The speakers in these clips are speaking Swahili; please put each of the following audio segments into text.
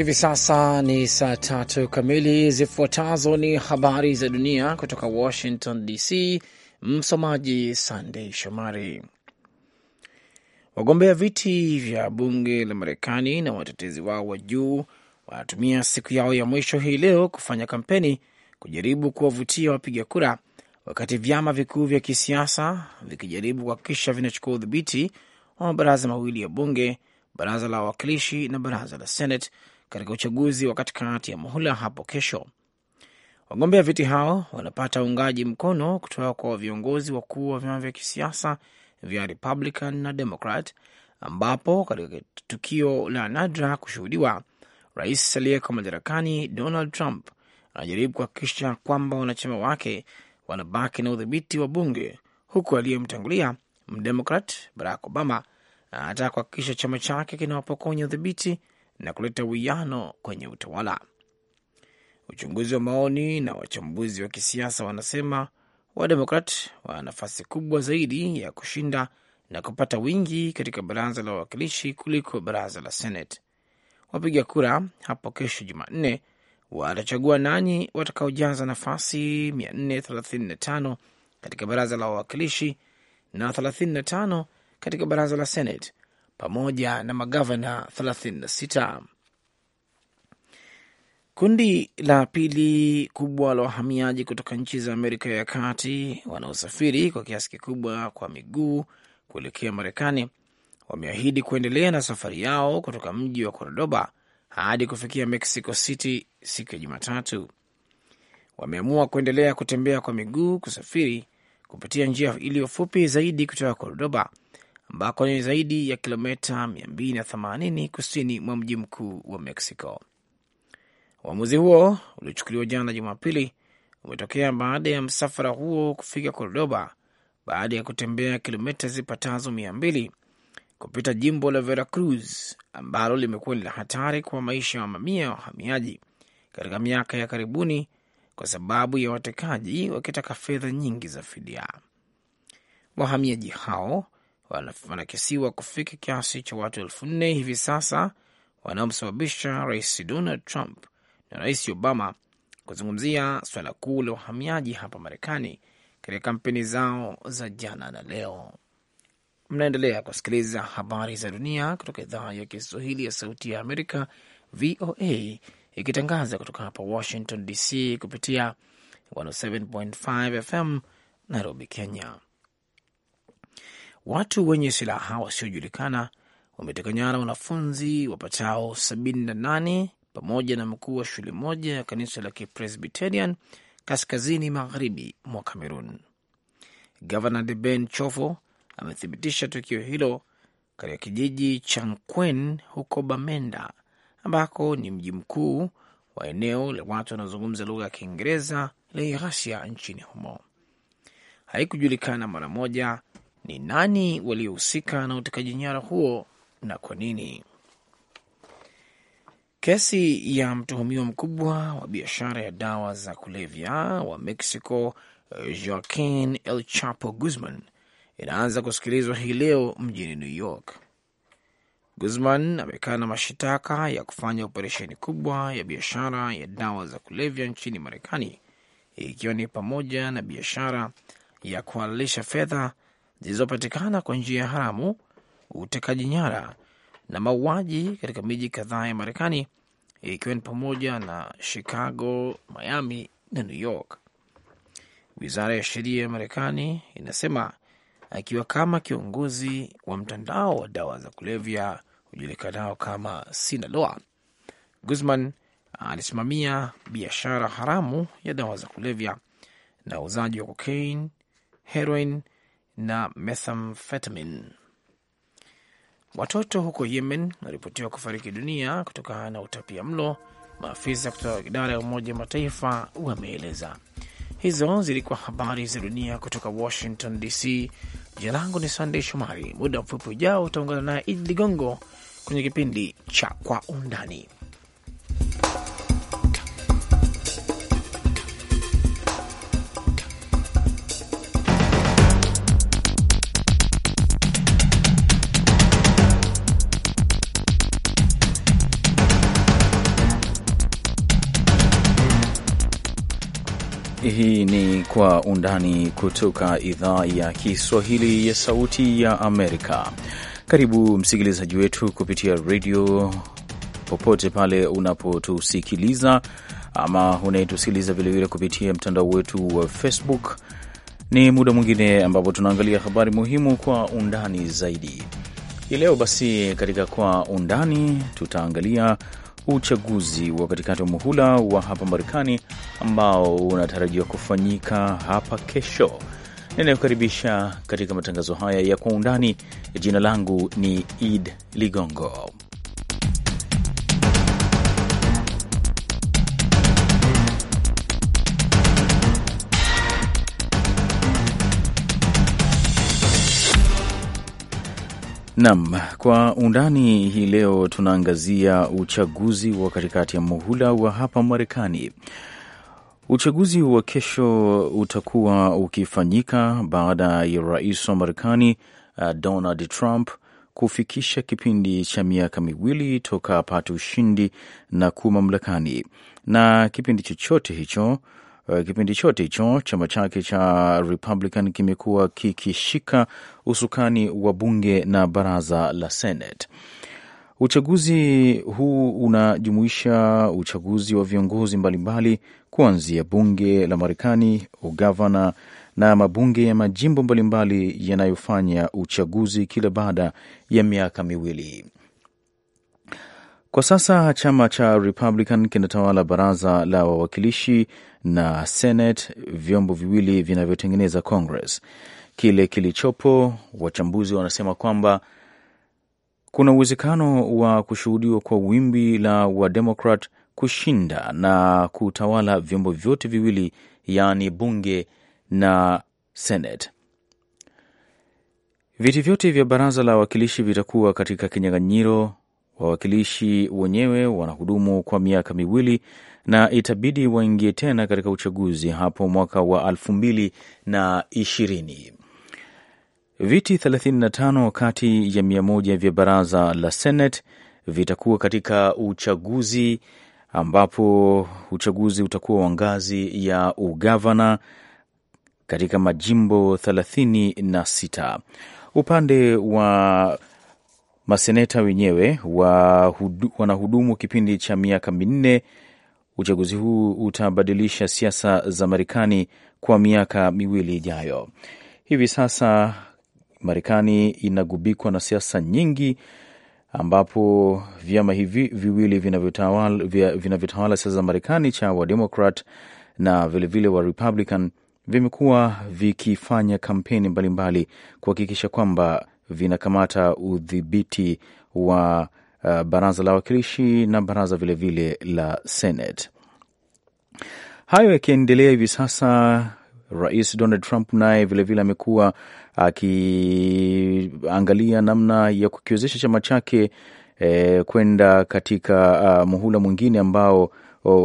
Hivi sasa ni saa tatu kamili. Zifuatazo ni habari za dunia kutoka Washington DC. Msomaji Sandei Shomari. Wagombea viti vya bunge la Marekani na watetezi wao wa juu wanatumia siku yao ya mwisho hii leo kufanya kampeni kujaribu kuwavutia wapiga kura, wakati vyama vikuu vya kisiasa vikijaribu kuhakikisha vinachukua udhibiti wa mabaraza mawili ya bunge, baraza la wawakilishi na baraza la Senate katika uchaguzi wa katikati ya muhula hapo kesho. Wagombea viti hao wanapata uungaji mkono kutoka kwa viongozi wakuu wa vyama vya kisiasa vya Republican na Democrat, ambapo katika tukio la nadra kushuhudiwa, rais aliyeko madarakani Donald Trump anajaribu kuhakikisha kwamba wanachama wake wanabaki na udhibiti wa bunge, huku aliyemtangulia mdemokrat Barack Obama anataka kuhakikisha chama chake kinawapokonya udhibiti na kuleta uwiano kwenye utawala. Uchunguzi wa maoni na wachambuzi wa kisiasa wanasema Wademokrat wana nafasi kubwa zaidi ya kushinda na kupata wingi katika baraza la wawakilishi kuliko baraza la Senate. Wapiga kura hapo kesho Jumanne watachagua nani watakaojaza nafasi 435 katika baraza la wawakilishi na 35 katika baraza la Senate pamoja na magavana 36. Kundi la pili kubwa la wahamiaji kutoka nchi za Amerika ya Kati wanaosafiri kwa kiasi kikubwa kwa miguu kuelekea Marekani wameahidi kuendelea na safari yao kutoka mji wa Cordoba hadi kufikia Mexico City siku ya Jumatatu. Wameamua kuendelea kutembea kwa miguu kusafiri kupitia njia iliyo fupi zaidi kutoka Cordoba ambako ni zaidi ya kilomita 280 kusini mwa mji mkuu wa Mexico. Uamuzi huo uliochukuliwa jana Jumapili umetokea baada ya msafara huo kufika Cordoba baada ya kutembea kilomita zipatazo mia mbili kupita jimbo la Veracruz ambalo limekuwa ni la hatari kwa maisha ya mamia ya wahamiaji katika miaka ya karibuni kwa sababu ya watekaji wakitaka fedha nyingi za fidia. Wahamiaji hao wanakisiwa kufika kiasi cha watu elfu nne hivi sasa wanaomsababisha Rais Donald Trump na Rais Obama kuzungumzia swala kuu la uhamiaji hapa Marekani katika kampeni zao za jana na leo. Mnaendelea kusikiliza habari za dunia kutoka idhaa ya Kiswahili ya Sauti ya Amerika, VOA, ikitangaza kutoka hapa Washington DC kupitia 107.5 FM Nairobi, Kenya. Watu wenye silaha wasiojulikana wameteka nyara wanafunzi wapatao 78 pamoja na mkuu wa shule moja ya kanisa la Kipresbiterian kaskazini magharibi mwa cameron Gavana Deben Chofo amethibitisha tukio hilo katika kijiji cha Nkwen huko Bamenda, ambako ni mji mkuu wa eneo la watu wanaozungumza lugha ya Kiingereza lenye ghasia nchini humo. Haikujulikana mara moja ni nani waliohusika na utekaji nyara huo na kwa nini. Kesi ya mtuhumiwa mkubwa wa biashara ya dawa za kulevya wa Mexico Joaquin El Chapo Guzman inaanza kusikilizwa hii leo mjini New York. Guzman amekaa na mashitaka ya kufanya operesheni kubwa ya biashara ya dawa za kulevya nchini Marekani, ikiwa ni pamoja na biashara ya kuhalalisha fedha zilizopatikana kwa njia ya haramu, utekaji nyara na mauaji katika miji kadhaa ya Marekani, ikiwa ni pamoja na Chicago, Miami na New York. Wizara ya sheria ya Marekani inasema akiwa kama kiongozi wa mtandao wa dawa za kulevya hujulikanao kama Sinaloa, Guzman alisimamia biashara haramu ya dawa za kulevya na uuzaji wa kokain, heroin na methamphetamine. Watoto huko Yemen wanaripotiwa kufariki dunia kutokana na utapia mlo, maafisa kutoka idara ya Umoja Mataifa wameeleza. Hizo zilikuwa habari za dunia kutoka Washington DC. Jina langu ni Sandey Shomari. Muda mfupi ujao utaungana naye Idi Ligongo kwenye kipindi cha Kwa Undani. Hii ni Kwa Undani kutoka idhaa ya Kiswahili ya Sauti ya Amerika. Karibu msikilizaji wetu kupitia redio popote pale unapotusikiliza ama unayetusikiliza vilevile kupitia mtandao wetu wa Facebook. Ni muda mwingine ambapo tunaangalia habari muhimu kwa undani zaidi. Hii leo basi, katika Kwa Undani tutaangalia uchaguzi wa katikati wa muhula wa hapa Marekani ambao unatarajiwa kufanyika hapa kesho. Ninayokaribisha katika matangazo haya ya kwa undani, jina langu ni Id Ligongo. Nam kwa undani hii leo tunaangazia uchaguzi wa katikati ya muhula wa hapa Marekani. Uchaguzi wa kesho utakuwa ukifanyika baada ya rais wa Marekani uh, Donald Trump kufikisha kipindi cha miaka miwili toka apate ushindi na kuwa mamlakani, na kipindi chochote hicho Eh, kipindi chote hicho chama chake cha Republican kimekuwa kikishika usukani wa bunge na baraza la Senate. Uchaguzi huu unajumuisha uchaguzi wa viongozi mbalimbali kuanzia bunge la Marekani, ugavana na mabunge ya majimbo mbalimbali yanayofanya uchaguzi kila baada ya miaka miwili. Kwa sasa chama cha Republican kinatawala baraza la wawakilishi na Senate, vyombo viwili vinavyotengeneza Congress. Kile kilichopo, wachambuzi wanasema kwamba kuna uwezekano wa kushuhudiwa kwa wimbi la Wademokrat kushinda na kutawala vyombo vyote viwili, yaani bunge na Senate. Viti vyote vya baraza la wawakilishi vitakuwa katika kinyang'anyiro wawakilishi wenyewe wanahudumu kwa miaka miwili na itabidi waingie tena katika uchaguzi hapo mwaka wa elfu mbili na ishirini. Viti 35 kati ya mia moja vya baraza la Senate vitakuwa katika uchaguzi ambapo uchaguzi utakuwa wa ngazi ya ugavana katika majimbo 36. Upande wa maseneta wenyewe hudu, wanahudumu kipindi cha miaka minne. Uchaguzi huu utabadilisha siasa za Marekani kwa miaka miwili ijayo. Hivi sasa Marekani inagubikwa na siasa nyingi ambapo vyama hivi viwili vinavyotawala vinavyotawala siasa za Marekani, cha Wademokrat na vilevile wa Republican vimekuwa vikifanya kampeni mbalimbali kuhakikisha kwamba vinakamata udhibiti wa uh, baraza la wakilishi na baraza vilevile vile la Senate. Hayo yakiendelea hivi sasa, Rais Donald Trump naye vilevile amekuwa akiangalia namna ya kukiwezesha chama chake eh, kwenda katika uh, muhula mwingine ambao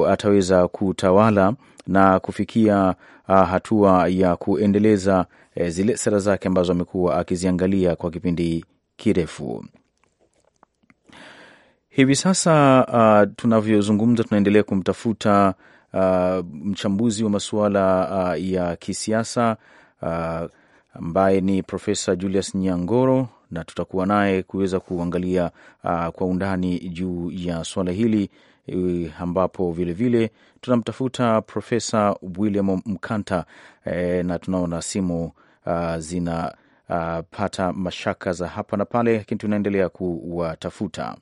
ataweza kutawala na kufikia a, hatua ya kuendeleza e, zile sera zake ambazo amekuwa akiziangalia kwa kipindi kirefu. Hivi sasa uh, tunavyozungumza tunaendelea kumtafuta uh, mchambuzi wa masuala uh, ya kisiasa ambaye ni Profesa Julius Nyangoro, na tutakuwa naye kuweza kuangalia uh, kwa undani juu ya suala hili E, ambapo vilevile tunamtafuta Profesa William Mkanta e, na tunaona simu uh, zinapata Uh, mashaka za hapa na pale, lakini tunaendelea kuwatafuta.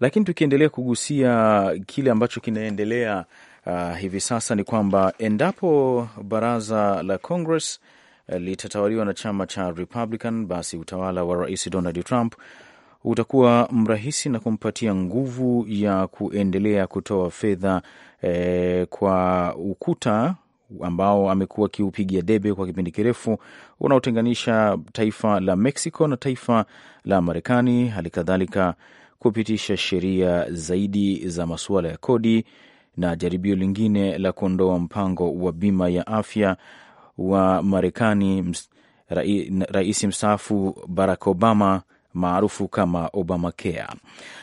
Lakini tukiendelea kugusia kile ambacho kinaendelea uh, hivi sasa ni kwamba endapo baraza la Congress e, litatawaliwa na chama cha Republican, basi utawala wa Rais Donald Trump utakuwa mrahisi na kumpatia nguvu ya kuendelea kutoa fedha e, kwa ukuta ambao amekuwa akiupigia debe kwa kipindi kirefu unaotenganisha taifa la Mexico na taifa la Marekani, hali kadhalika kupitisha sheria zaidi za masuala ya kodi na jaribio lingine la kuondoa mpango wa bima ya afya wa Marekani. Rais mstaafu Barack Obama maarufu kama Obamacare.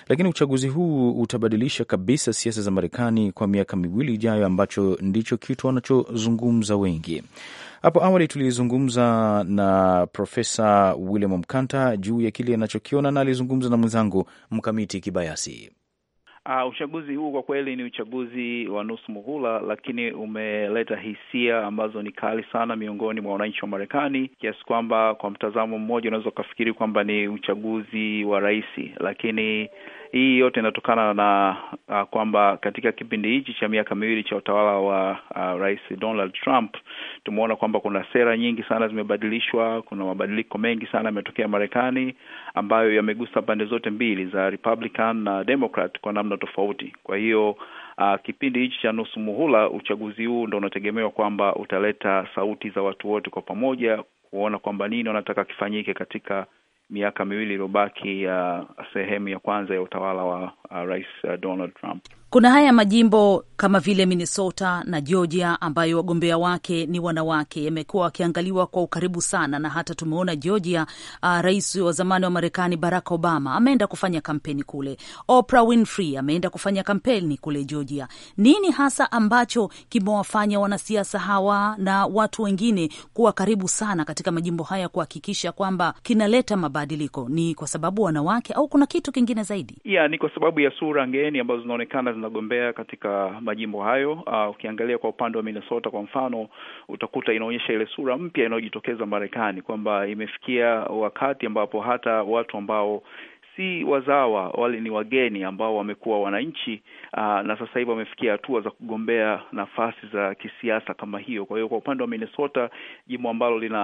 Lakini uchaguzi huu utabadilisha kabisa siasa za Marekani kwa miaka miwili ijayo, ambacho ndicho kitu wanachozungumza wengi. Hapo awali tulizungumza na Profesa William Mkanta juu ya kile anachokiona na alizungumza na mwenzangu Mkamiti Kibayasi. Uh, uchaguzi huu kwa kweli ni uchaguzi wa nusu muhula, lakini umeleta hisia ambazo ni kali sana miongoni mwa wananchi wa Marekani, kiasi kwamba kwa mtazamo mmoja unaweza ukafikiri kwamba ni uchaguzi wa rais, lakini hii yote inatokana na uh, kwamba katika kipindi hichi cha miaka miwili cha utawala wa uh, Rais Donald Trump tumeona kwamba kuna sera nyingi sana zimebadilishwa. Kuna mabadiliko mengi sana yametokea Marekani ambayo yamegusa pande zote mbili za Republican na Democrat kwa namna tofauti. Kwa hiyo Uh, kipindi hichi cha nusu muhula, uchaguzi huu ndo unategemewa kwamba utaleta sauti za watu wote kwa pamoja kuona kwamba nini wanataka kifanyike katika miaka miwili iliyobaki ya uh, sehemu ya kwanza ya utawala wa uh, Rais uh, Donald Trump. Kuna haya majimbo kama vile Minnesota na Georgia ambayo wagombea wake ni wanawake, yamekuwa wakiangaliwa kwa ukaribu sana, na hata tumeona Georgia, uh, rais wa zamani wa Marekani Barack Obama ameenda kufanya kampeni kule. Oprah Winfrey ameenda kufanya kampeni kule Georgia. Nini hasa ambacho kimewafanya wanasiasa hawa na watu wengine kuwa karibu sana katika majimbo haya kuhakikisha kwamba kinaleta mabadiliko? Ni kwa sababu wanawake au kuna kitu kingine zaidi? Yeah, ni kwa sababu ya sura ngeni ambazo zinaonekana mnagombea katika majimbo hayo. Uh, ukiangalia kwa upande wa Minnesota kwa mfano, utakuta inaonyesha ile sura mpya inayojitokeza Marekani kwamba imefikia wakati ambapo hata watu ambao si wazawa, wale ni wageni ambao wamekuwa wananchi aa, ah, na sasa hivi wamefikia hatua za kugombea nafasi za kisiasa kama hiyo. Kwa hiyo kwa upande wa Minnesota, jimbo ambalo lina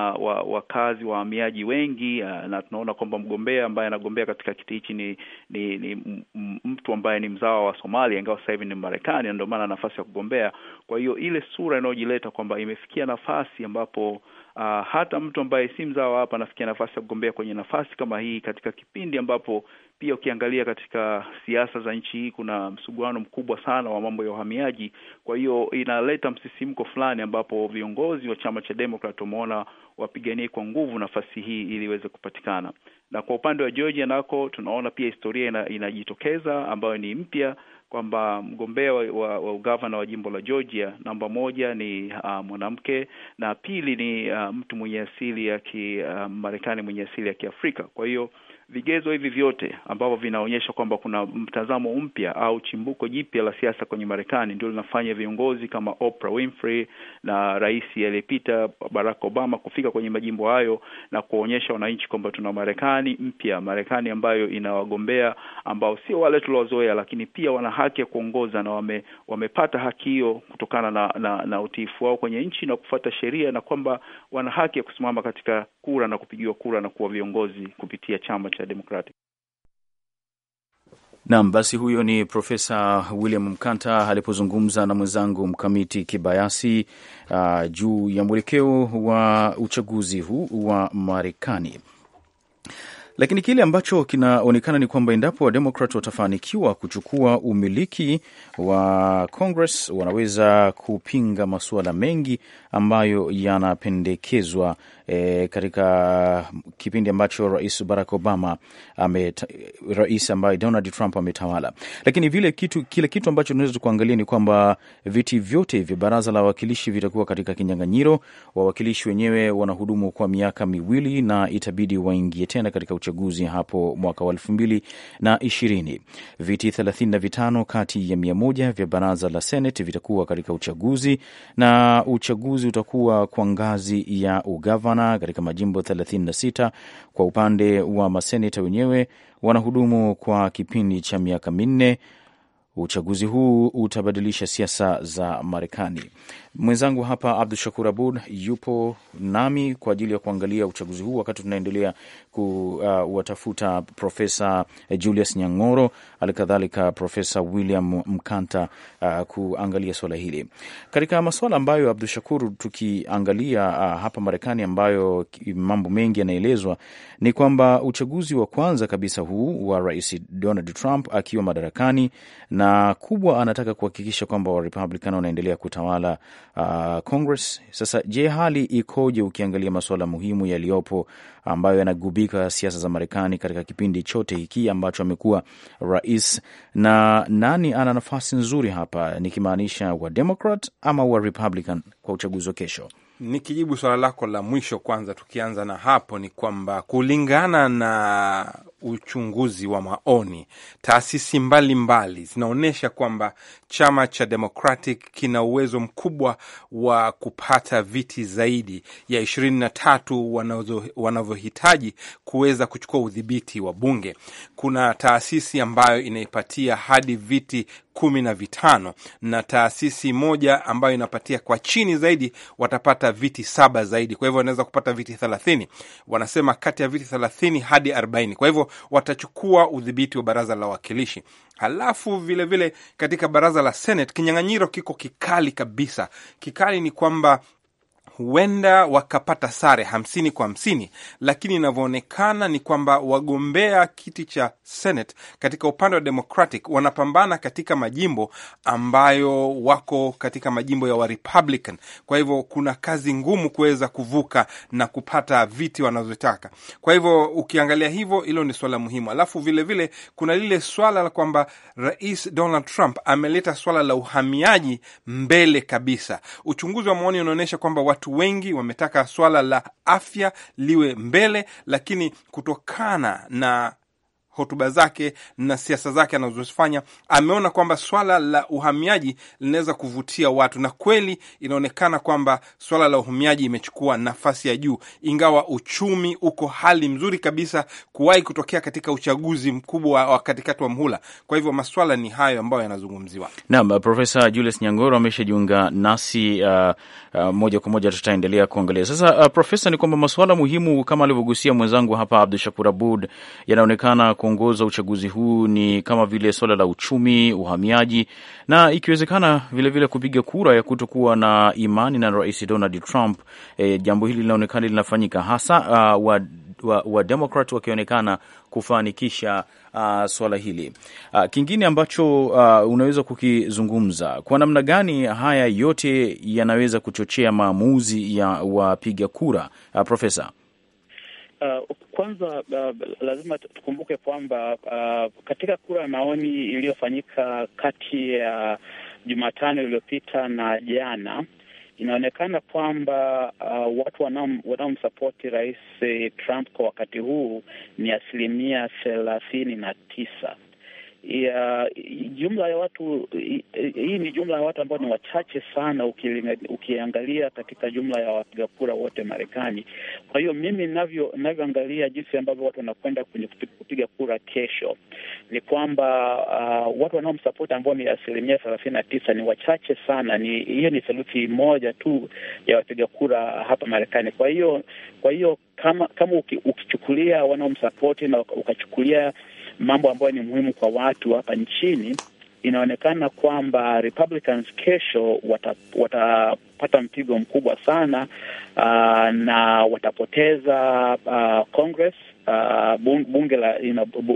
wakazi wa wahamiaji wengi aa, ah, na tunaona kwamba mgombea ambaye anagombea katika kiti hichi ni, ni, ni mtu ambaye ni mzawa wa Somalia, ingawa sasa hivi ni Marekani, na ndio maana nafasi ya kugombea. Kwa hiyo ile sura inayojileta kwamba imefikia nafasi ambapo Uh, hata mtu ambaye si mzawa hapa anafikia nafasi ya kugombea kwenye nafasi kama hii katika kipindi ambapo pia ukiangalia katika siasa za nchi hii kuna msuguano mkubwa sana wa mambo ya uhamiaji. Kwa hiyo inaleta msisimko fulani, ambapo viongozi wa chama cha demokrat wameona wapiganie kwa nguvu nafasi hii ili iweze kupatikana. Na kwa upande wa Georgia nako tunaona pia historia ina, inajitokeza ambayo ni mpya kwamba mgombea wa, wa, wa ugavana wa jimbo la Georgia namba moja ni uh, mwanamke na pili ni uh, mtu mwenye asili ya Kimarekani uh, mwenye asili ya Kiafrika. Kwa hiyo Vigezo hivi vyote ambavyo vinaonyesha kwamba kuna mtazamo mpya au chimbuko jipya la siasa kwenye Marekani ndio linafanya viongozi kama Oprah Winfrey na rais aliyepita Barack Obama kufika kwenye majimbo hayo na kuonyesha wananchi kwamba tuna Marekani mpya, Marekani ambayo ina wagombea ambao sio wale tuliozoea, lakini pia wana haki ya kuongoza na wame, wamepata haki hiyo kutokana na, na, na utiifu wao kwenye nchi na kufuata sheria na kwamba wana haki ya kusimama katika kura na kupigiwa kura na kuwa viongozi kupitia chama cha Democratic. Naam, basi huyo ni Profesa William Mkanta alipozungumza na mwenzangu Mkamiti Kibayasi uh, juu ya mwelekeo wa uchaguzi huu wa Marekani. Lakini kile ambacho kinaonekana ni kwamba endapo Wademokrat watafanikiwa kuchukua umiliki wa Congress, wanaweza kupinga masuala mengi ambayo yanapendekezwa e, katika kipindi ambacho rais Barack Obama ame, rais ambaye Donald Trump ametawala. Lakini vile kitu, kile kitu ambacho tunaweza tukuangalia ni kwamba viti vyote vya baraza la wawakilishi vitakuwa katika kinyang'anyiro. Wawakilishi wenyewe wanahudumu kwa miaka miwili na itabidi waingie tena katika uchaguzi hapo mwaka wa elfu mbili na ishirini. Viti thelathini na vitano kati ya mia moja vya baraza la Senate vitakuwa katika uchaguzi na uchaguzi utakuwa kwa ngazi ya ugavana sana katika majimbo 36. Kwa upande wa maseneta wenyewe wanahudumu kwa kipindi cha miaka minne. Uchaguzi huu utabadilisha siasa za Marekani. Mwenzangu hapa Abdu Shakur Abud yupo nami kwa ajili ya kuangalia uchaguzi huu, wakati tunaendelea kuwatafuta uh, Profesa Julius Nyang'oro, halikadhalika Profesa William Mkanta uh, kuangalia swala hili katika masuala ambayo Abdu Shakur tukiangalia uh, hapa Marekani ambayo mambo mengi yanaelezwa ni kwamba uchaguzi wa kwanza kabisa huu wa Rais Donald Trump akiwa madarakani, na kubwa anataka kuhakikisha kwamba Warepublican wanaendelea kutawala Uh, Congress. Sasa je, hali ikoje ukiangalia masuala muhimu yaliyopo ambayo yanagubika siasa za Marekani katika kipindi chote hiki ambacho amekuwa rais, na nani ana nafasi nzuri hapa, nikimaanisha wa Democrat ama wa Republican kwa uchaguzi wa kesho? Nikijibu suala lako la mwisho, kwanza tukianza na hapo, ni kwamba kulingana na uchunguzi wa maoni, taasisi mbalimbali zinaonyesha kwamba chama cha Democratic kina uwezo mkubwa wa kupata viti zaidi ya ishirini na tatu wanavyohitaji kuweza kuchukua udhibiti wa bunge. Kuna taasisi ambayo inaipatia hadi viti kumi na vitano na taasisi moja ambayo inapatia kwa chini zaidi watapata kupata viti saba zaidi, kwa hivyo wanaweza kupata viti thelathini. Wanasema kati ya viti thelathini hadi arobaini. Kwa hivyo watachukua udhibiti wa baraza la wawakilishi. Halafu vilevile vile katika baraza la Senate kinyang'anyiro kiko kikali kabisa. Kikali ni kwamba huenda wakapata sare hamsini kwa hamsini, lakini inavyoonekana ni kwamba wagombea kiti cha Senate katika upande wa Democratic wanapambana katika majimbo ambayo wako katika majimbo ya Warepublican. Kwa hivyo kuna kazi ngumu kuweza kuvuka na kupata viti wanazotaka. Kwa hivyo ukiangalia hivyo, hilo ni swala muhimu. Alafu vilevile vile, kuna lile swala la kwamba Rais Donald Trump ameleta swala la uhamiaji mbele kabisa. Uchunguzi wa maoni unaonyesha kwamba watu watu wengi wametaka swala la afya liwe mbele, lakini kutokana na hotuba zake na siasa zake anazozifanya, ameona kwamba swala la uhamiaji linaweza kuvutia watu, na kweli inaonekana kwamba swala la uhamiaji imechukua nafasi ya juu, ingawa uchumi uko hali mzuri kabisa kuwahi kutokea katika uchaguzi mkubwa wa katikati wa mhula. Kwa hivyo maswala ni hayo ambayo yanazungumziwa. Naam, Profesa Julius Nyangoro ameshajiunga nasi uh, uh, moja kwa moja tutaendelea kuangalia sasa. Uh, profesa, ni kwamba masuala muhimu kama alivyogusia mwenzangu hapa Abdu Shakur Abud yanaonekana ku kuongoza uchaguzi huu ni kama vile swala la uchumi, uhamiaji na ikiwezekana vilevile kupiga kura ya kutokuwa na imani na Rais Donald Trump. E, jambo hili linaonekana linafanyika hasa uh, wa Wademokrat wa wakionekana kufanikisha uh, swala hili uh, kingine ambacho uh, unaweza kukizungumza kwa namna gani haya yote yanaweza kuchochea maamuzi ya wapiga kura uh, Profesa? Uh, kwanza uh, lazima tukumbuke kwamba uh, katika kura ya maoni iliyofanyika kati ya uh, Jumatano iliyopita na jana inaonekana kwamba uh, watu wanaomsapoti Rais Trump kwa wakati huu ni asilimia thelathini na tisa ya jumla ya watu hii ni jumla ya watu ambao ni wachache sana ukiangalia katika jumla ya wapiga kura wote Marekani. Kwa hiyo mimi navyo navyoangalia jinsi ambavyo watu wanakwenda kwenye kupiga kura kesho ni kwamba uh, watu wanaomsapoti ambao ni asilimia thelathini na tisa ni wachache sana, ni hiyo ni theluthi moja tu ya wapiga kura hapa Marekani. Kwa hiyo kwa hiyo kama kama ukichukulia wanaomsapoti na ukachukulia mambo ambayo ni muhimu kwa watu hapa nchini, inaonekana kwamba Republicans kesho watapata wata mpigo mkubwa sana uh, na watapoteza uh, Congress uh,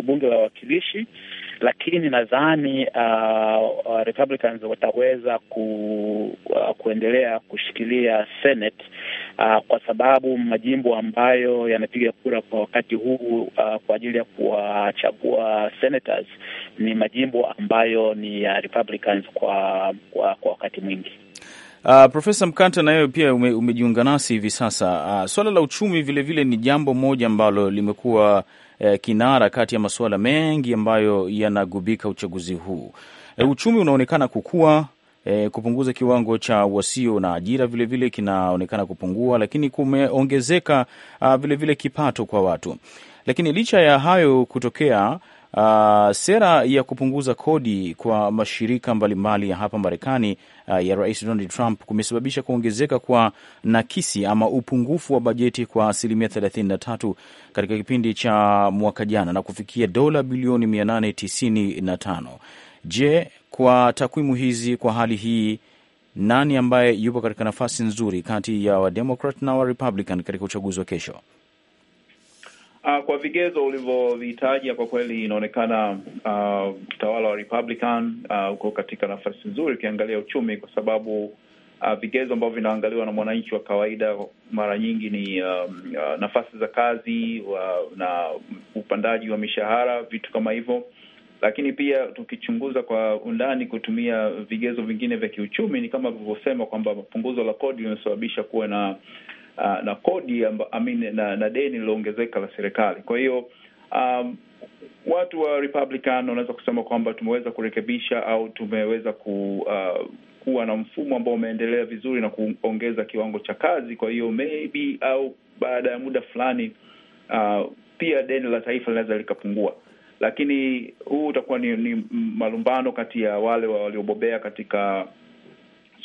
bunge la wawakilishi lakini nadhani uh, uh, Republicans wataweza ku, uh, kuendelea kushikilia Senate uh, kwa sababu majimbo ambayo yanapiga kura kwa wakati huu uh, kwa ajili ya kuwachagua senators ni majimbo ambayo ni ya Republicans kwa, kwa, kwa wakati mwingi. Uh, Profesa Mkanta, na wewe pia ume, umejiunga nasi hivi sasa. Uh, swala la uchumi vilevile vile ni jambo moja ambalo limekuwa uh, kinara kati ya masuala mengi ambayo yanagubika uchaguzi huu. Uh, uchumi unaonekana kukua E, kupunguza kiwango cha wasio na ajira vilevile vile kinaonekana kupungua, lakini kumeongezeka vilevile ah, kipato kwa watu. Lakini licha ya hayo kutokea, Uh, sera ya kupunguza kodi kwa mashirika mbalimbali ya hapa Marekani uh, ya Rais Donald Trump kumesababisha kuongezeka kwa nakisi ama upungufu wa bajeti kwa asilimia 33 katika kipindi cha mwaka jana na kufikia dola bilioni 895. Je, kwa takwimu hizi, kwa hali hii nani ambaye yupo katika nafasi nzuri kati ya Wademokrat na Warepublican katika uchaguzi wa kesho? Uh, kwa vigezo ulivyovihitaji kwa kweli inaonekana uh, ah, utawala wa Republican uh, uko katika nafasi nzuri ukiangalia uchumi, kwa sababu uh, vigezo ambavyo vinaangaliwa na mwananchi wa kawaida mara nyingi ni um, uh, nafasi za kazi wa, na upandaji wa mishahara, vitu kama hivyo. Lakini pia tukichunguza kwa undani kutumia vigezo vingine vya kiuchumi, ni kama vilivyosema kwamba punguzo la kodi limesababisha kuwe na Ah, na kodi amba, amine, na, na deni liloongezeka la serikali. Kwa hiyo um, watu wa Republican wanaweza kusema kwamba tumeweza kurekebisha au tumeweza ku, uh, kuwa na mfumo ambao umeendelea vizuri na kuongeza kiwango cha kazi. Kwa hiyo maybe au baada ya muda fulani uh, pia deni la taifa linaweza likapungua, lakini huu utakuwa ni, ni malumbano kati ya wale waliobobea katika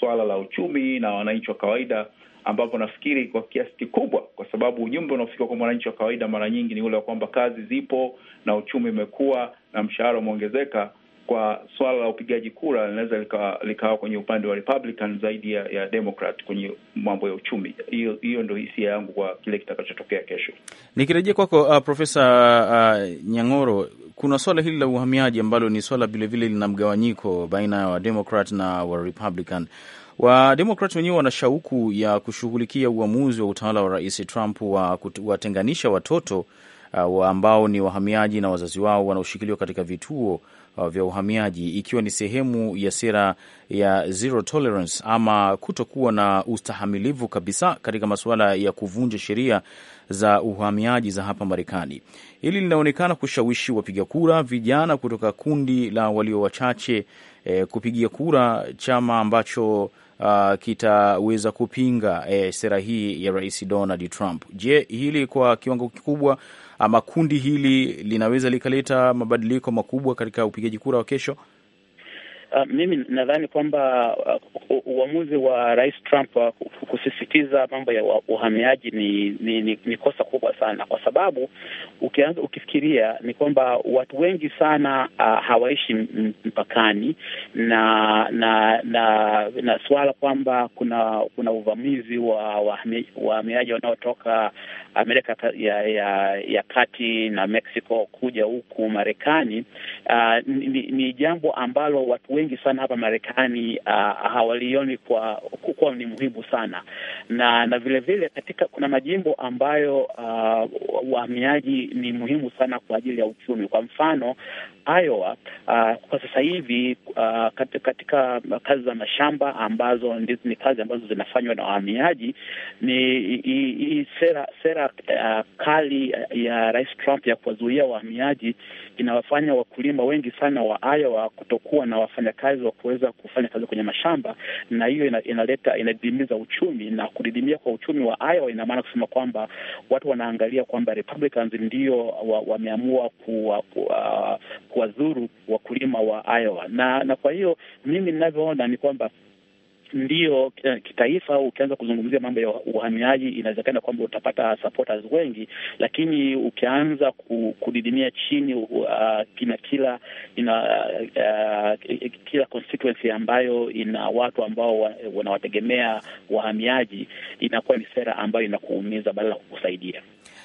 swala la uchumi na wananchi wa kawaida ambapo nafikiri kwa kiasi kikubwa, kwa sababu ujumbe unaofika kwa mwananchi wa kawaida mara nyingi ni ule wa kwamba kazi zipo na uchumi umekuwa na mshahara umeongezeka. Kwa swala la upigaji kura linaweza likawa lika kwenye upande wa Republican zaidi ya, ya Democrat kwenye mambo ya uchumi. Hiyo hiyo ndio hisia yangu kwa kile kitakachotokea kesho. Nikirejea kwako uh, Profesa uh, Nyang'oro, kuna swala hili la uhamiaji ambalo ni swala vilevile lina mgawanyiko baina ya wa Democrat na wa Republican. Wademokrat wenyewe wana shauku ya kushughulikia uamuzi wa utawala wa Rais Trump wa kuwatenganisha watoto uh, wa ambao ni wahamiaji na wazazi wao wanaoshikiliwa katika vituo uh, vya uhamiaji, ikiwa ni sehemu ya sera ya zero tolerance ama kutokuwa na ustahamilivu kabisa katika masuala ya kuvunja sheria za uhamiaji za hapa Marekani. Hili linaonekana kushawishi wapiga kura vijana kutoka kundi la walio wachache eh, kupigia kura chama ambacho uh, kitaweza kupinga eh, sera hii ya Rais Donald Trump. Je, hili kwa kiwango kikubwa ama kundi hili linaweza likaleta mabadiliko makubwa katika upigaji kura wa kesho? Uh, mimi nadhani kwamba uh, uamuzi wa Rais Trump wa uh, kusisitiza mambo ya uhamiaji ni ni, ni ni kosa kubwa sana, kwa sababu ukianza ukifikiria ni kwamba watu wengi sana uh, hawaishi mpakani na na na, na suala kwamba kuna kuna uvamizi wa wahamiaji wanaotoka Amerika ya, ya, ya kati na Mexico kuja huku Marekani uh, ni, ni jambo ambalo watu wengi sana hapa Marekani uh, hawalioni kwa kuwa ni muhimu sana, na na vile vile katika kuna majimbo ambayo uh, wahamiaji ni muhimu sana kwa ajili ya uchumi. Kwa mfano Iowa, uh, kwa sasa hivi uh, katika, katika kazi za mashamba ambazo ni kazi ambazo zinafanywa na wahamiaji ni i, i, sera sera uh, kali uh, ya Rais Trump ya kuwazuia wahamiaji inawafanya wakulima wengi sana wa Iowa kutokuwa na wafanyakazi wa kuweza kufanya kazi kwenye mashamba, na hiyo ina, inaleta inadidimiza uchumi, na kudidimia kwa uchumi wa Iowa ina maana kusema kwamba watu wanaangalia kwamba Republicans ndio wameamua wa kuwa, kuwa, kuwadhuru wakulima wa Iowa na na kwa hiyo mimi ninavyoona ni kwamba ndio eh, kitaifa, ukianza kuzungumzia mambo ya uhamiaji, inawezekana kwamba utapata supporters wengi, lakini ukianza kudidimia chini, uh, kina kila ina uh, uh, kila constituency ambayo ina watu ambao wanawategemea wahamiaji, inakuwa ni sera ambayo inakuumiza badala ya kukusaidia.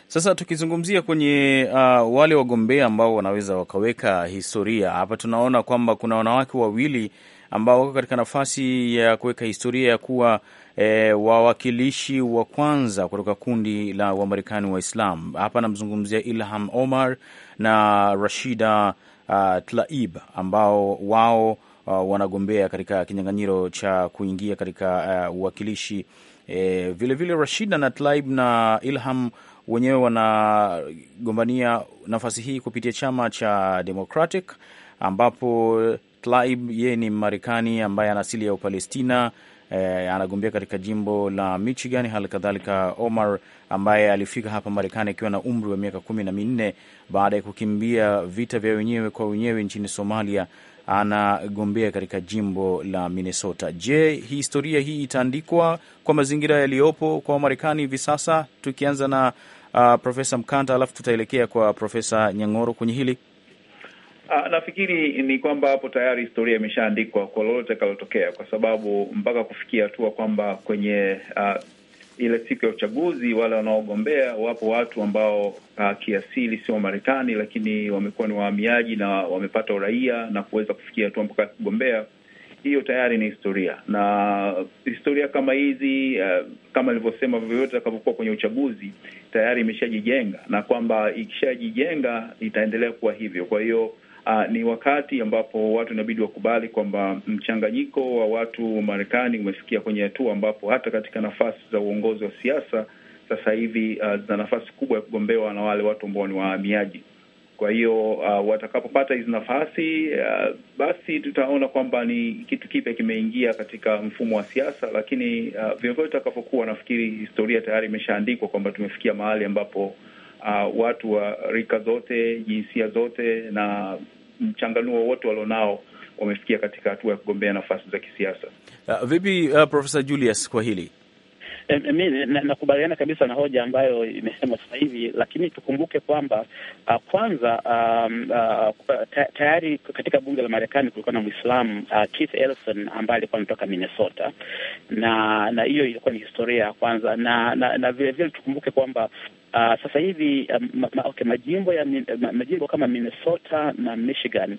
Sasa tukizungumzia kwenye uh, wale wagombea ambao wanaweza wakaweka historia hapa, tunaona kwamba kuna wanawake wawili ambao wako katika nafasi ya kuweka historia ya kuwa e, wawakilishi wa kwanza kutoka kundi la Wamarekani Waislam. Hapa namzungumzia Ilham Omar na Rashida uh, Tlaib ambao wao uh, wanagombea katika kinyang'anyiro cha kuingia katika ah, uwakilishi vilevile eh, vile Rashida na Tlaib na Ilham wenyewe wanagombania nafasi hii kupitia chama cha Democratic ambapo Tlaib, yeye ni Marekani ambaye ana asili ya Upalestina. Eh, anagombea katika jimbo la Michigan. Hali kadhalika Omar ambaye alifika hapa Marekani akiwa na umri wa miaka kumi na minne baada ya kukimbia vita vya wenyewe kwa wenyewe nchini Somalia, anagombea katika jimbo la Minnesota. Je, historia hii itaandikwa kwa mazingira yaliyopo kwa Marekani hivi sasa? Tukianza na uh, Profesa Mkanta alafu tutaelekea kwa Profesa Nyang'oro kwenye hili Aa, ah, nafikiri ni kwamba hapo tayari historia imeshaandikwa kwa lolote kalotokea, kwa sababu mpaka kufikia hatua kwamba kwenye uh, ile siku ya uchaguzi wale wanaogombea wapo watu ambao uh, kiasili sio Marekani, lakini wamekuwa ni wahamiaji na wamepata uraia na kuweza kufikia hatua mpaka kugombea. Hiyo tayari ni historia, na historia kama hizi uh, kama ilivyosema vyovyote itakavyokuwa kwenye uchaguzi tayari imeshajijenga, na kwamba ikishajijenga itaendelea kuwa hivyo. Kwa hiyo Uh, ni wakati ambapo watu inabidi wakubali kwamba mchanganyiko wa watu wa Marekani umefikia kwenye hatua ambapo hata katika nafasi za uongozi wa siasa sasa hivi uh, zina nafasi kubwa ya kugombewa na wale watu ambao ni wahamiaji. Kwa hiyo uh, watakapopata hizi nafasi uh, basi tutaona kwamba ni kitu kipya kimeingia katika mfumo wa siasa, lakini uh, vyovyote itakavyokuwa, nafikiri historia tayari imeshaandikwa kwamba tumefikia mahali ambapo Uh, watu wa rika zote, jinsia zote na mchanganuo wote walionao wamefikia katika hatua ya kugombea nafasi za kisiasa. Uh, vipi uh, Profesa Julius kwa hili? Eh, Mi nakubaliana kabisa na hoja ambayo imesema sasa hivi, lakini tukumbuke kwamba uh, kwanza um, uh, tayari katika bunge la Marekani kulikuwa na Mwislamu uh, Keith Ellison ambaye alikuwa ametoka Minnesota, na na hiyo ilikuwa ni historia ya kwanza, na na, na vilevile tukumbuke kwamba Uh, sasa hivi um, ma, okay, majimbo ya ma, majimbo kama Minnesota na Michigan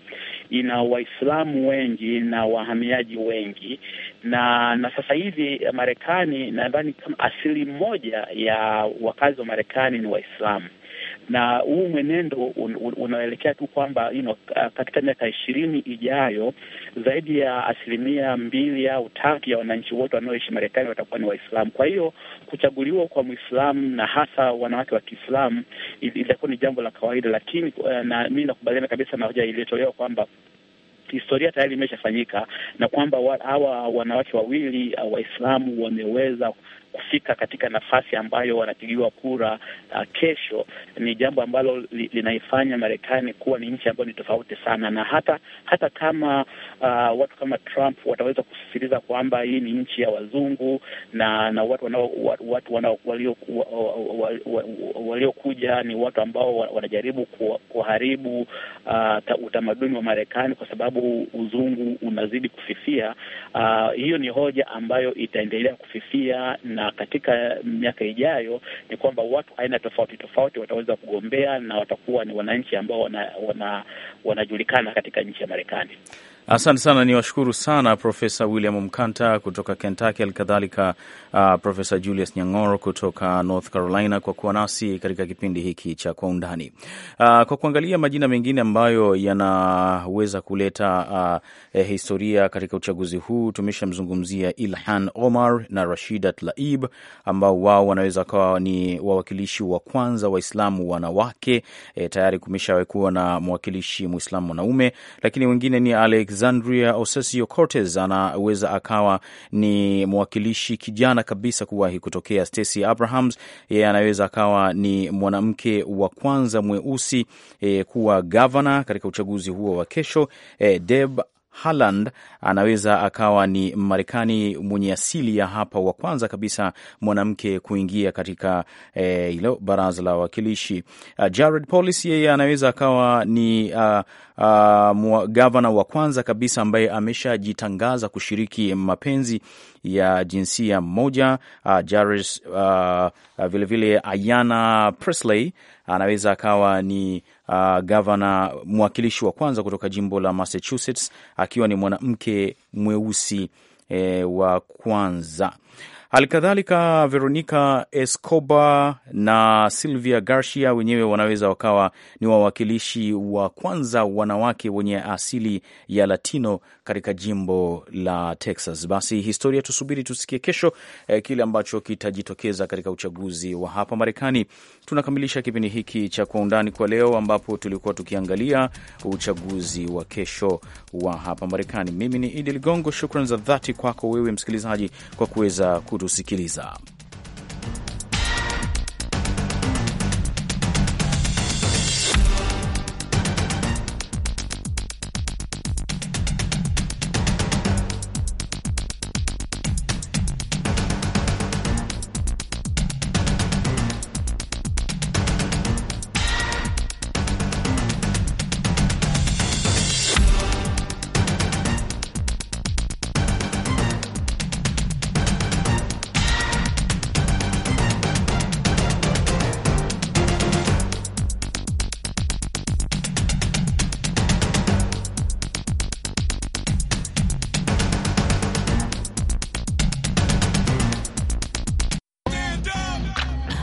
ina Waislamu wengi na wahamiaji wengi, na na sasa hivi eh, Marekani nadhani kama asili moja ya wakazi wa Marekani ni Waislamu na huu mwenendo un, un, unaelekea tu kwamba you know, katika miaka ishirini ijayo zaidi ya asilimia mbili au tatu ya wananchi wote wanaoishi Marekani watakuwa ni Waislamu. Kwa hiyo kuchaguliwa kwa Mwislamu na hasa wanawake wa Kiislamu itakuwa ni jambo la kawaida, lakini eh, na mi nakubaliana kabisa na hoja iliyotolewa kwamba historia tayari imeshafanyika na kwamba hawa wanawake wawili eh, Waislamu wameweza kufika katika nafasi ambayo wanapigiwa kura uh, kesho ni jambo ambalo li, linaifanya Marekani kuwa ni nchi ambayo ni tofauti sana, na hata hata kama uh, watu kama Trump wataweza kusisitiza kwamba hii ni nchi ya wazungu na na watu wanao watu wanao waliokuja ni watu ambao wanajaribu kuharibu uh, utamaduni wa Marekani kwa sababu uzungu unazidi kufifia. Uh, hiyo ni hoja ambayo itaendelea kufifia na na katika miaka ijayo ni kwamba watu aina tofauti tofauti wataweza kugombea na watakuwa ni wananchi ambao wanajulikana wana, wana katika nchi ya Marekani. Asante sana, ni washukuru sana Profesa William Mkanta kutoka Kentucky, alikadhalika uh, Profesa Julius Nyang'oro kutoka North Carolina kwa kuwa nasi katika kipindi hiki cha Kwa Undani. Uh, kwa kuangalia majina mengine ambayo yanaweza kuleta uh, eh, historia katika uchaguzi huu, tumeshamzungumzia Ilhan Omar na Rashida Tlaib ambao wao wanaweza kawa ni wawakilishi wa kwanza Waislamu wanawake. Eh, tayari kumeshawekuwa na mwakilishi Mwislamu mwanaume, lakini wengine ni Alex Alexandria Ocasio Cortez anaweza akawa ni mwakilishi kijana kabisa kuwahi kutokea. Stacey Abrahams yeye anaweza akawa ni mwanamke wa kwanza mweusi e, kuwa gavana katika uchaguzi huo wa kesho. E, Deb Haaland anaweza akawa ni Marekani mwenye asili ya hapa wa kwanza kabisa mwanamke kuingia katika eh, hilo eh, baraza la wawakilishi. Uh, Jared Polis yeye anaweza akawa ni uh, uh, gavana wa kwanza kabisa ambaye ameshajitangaza kushiriki mapenzi ya jinsia moja. Uh, Jared uh, vilevile Ayana Presley anaweza akawa ni uh, gavana mwakilishi wa kwanza kutoka jimbo la Massachusetts akiwa ni mwanamke mweusi e, wa kwanza. Halikadhalika, Veronica Escobar na Sylvia Garcia wenyewe wanaweza wakawa ni wawakilishi wa kwanza wanawake wenye asili ya Latino katika jimbo la Texas. Basi historia tusubiri tusikie kesho eh, kile ambacho kitajitokeza katika uchaguzi wa hapa Marekani. Tunakamilisha kipindi hiki cha Kwa Undani kwa leo, ambapo tulikuwa tukiangalia uchaguzi wa kesho wa hapa Marekani. Mimi ni Idi Ligongo, shukran za dhati kwako wewe msikilizaji kwa kuweza kutusikiliza.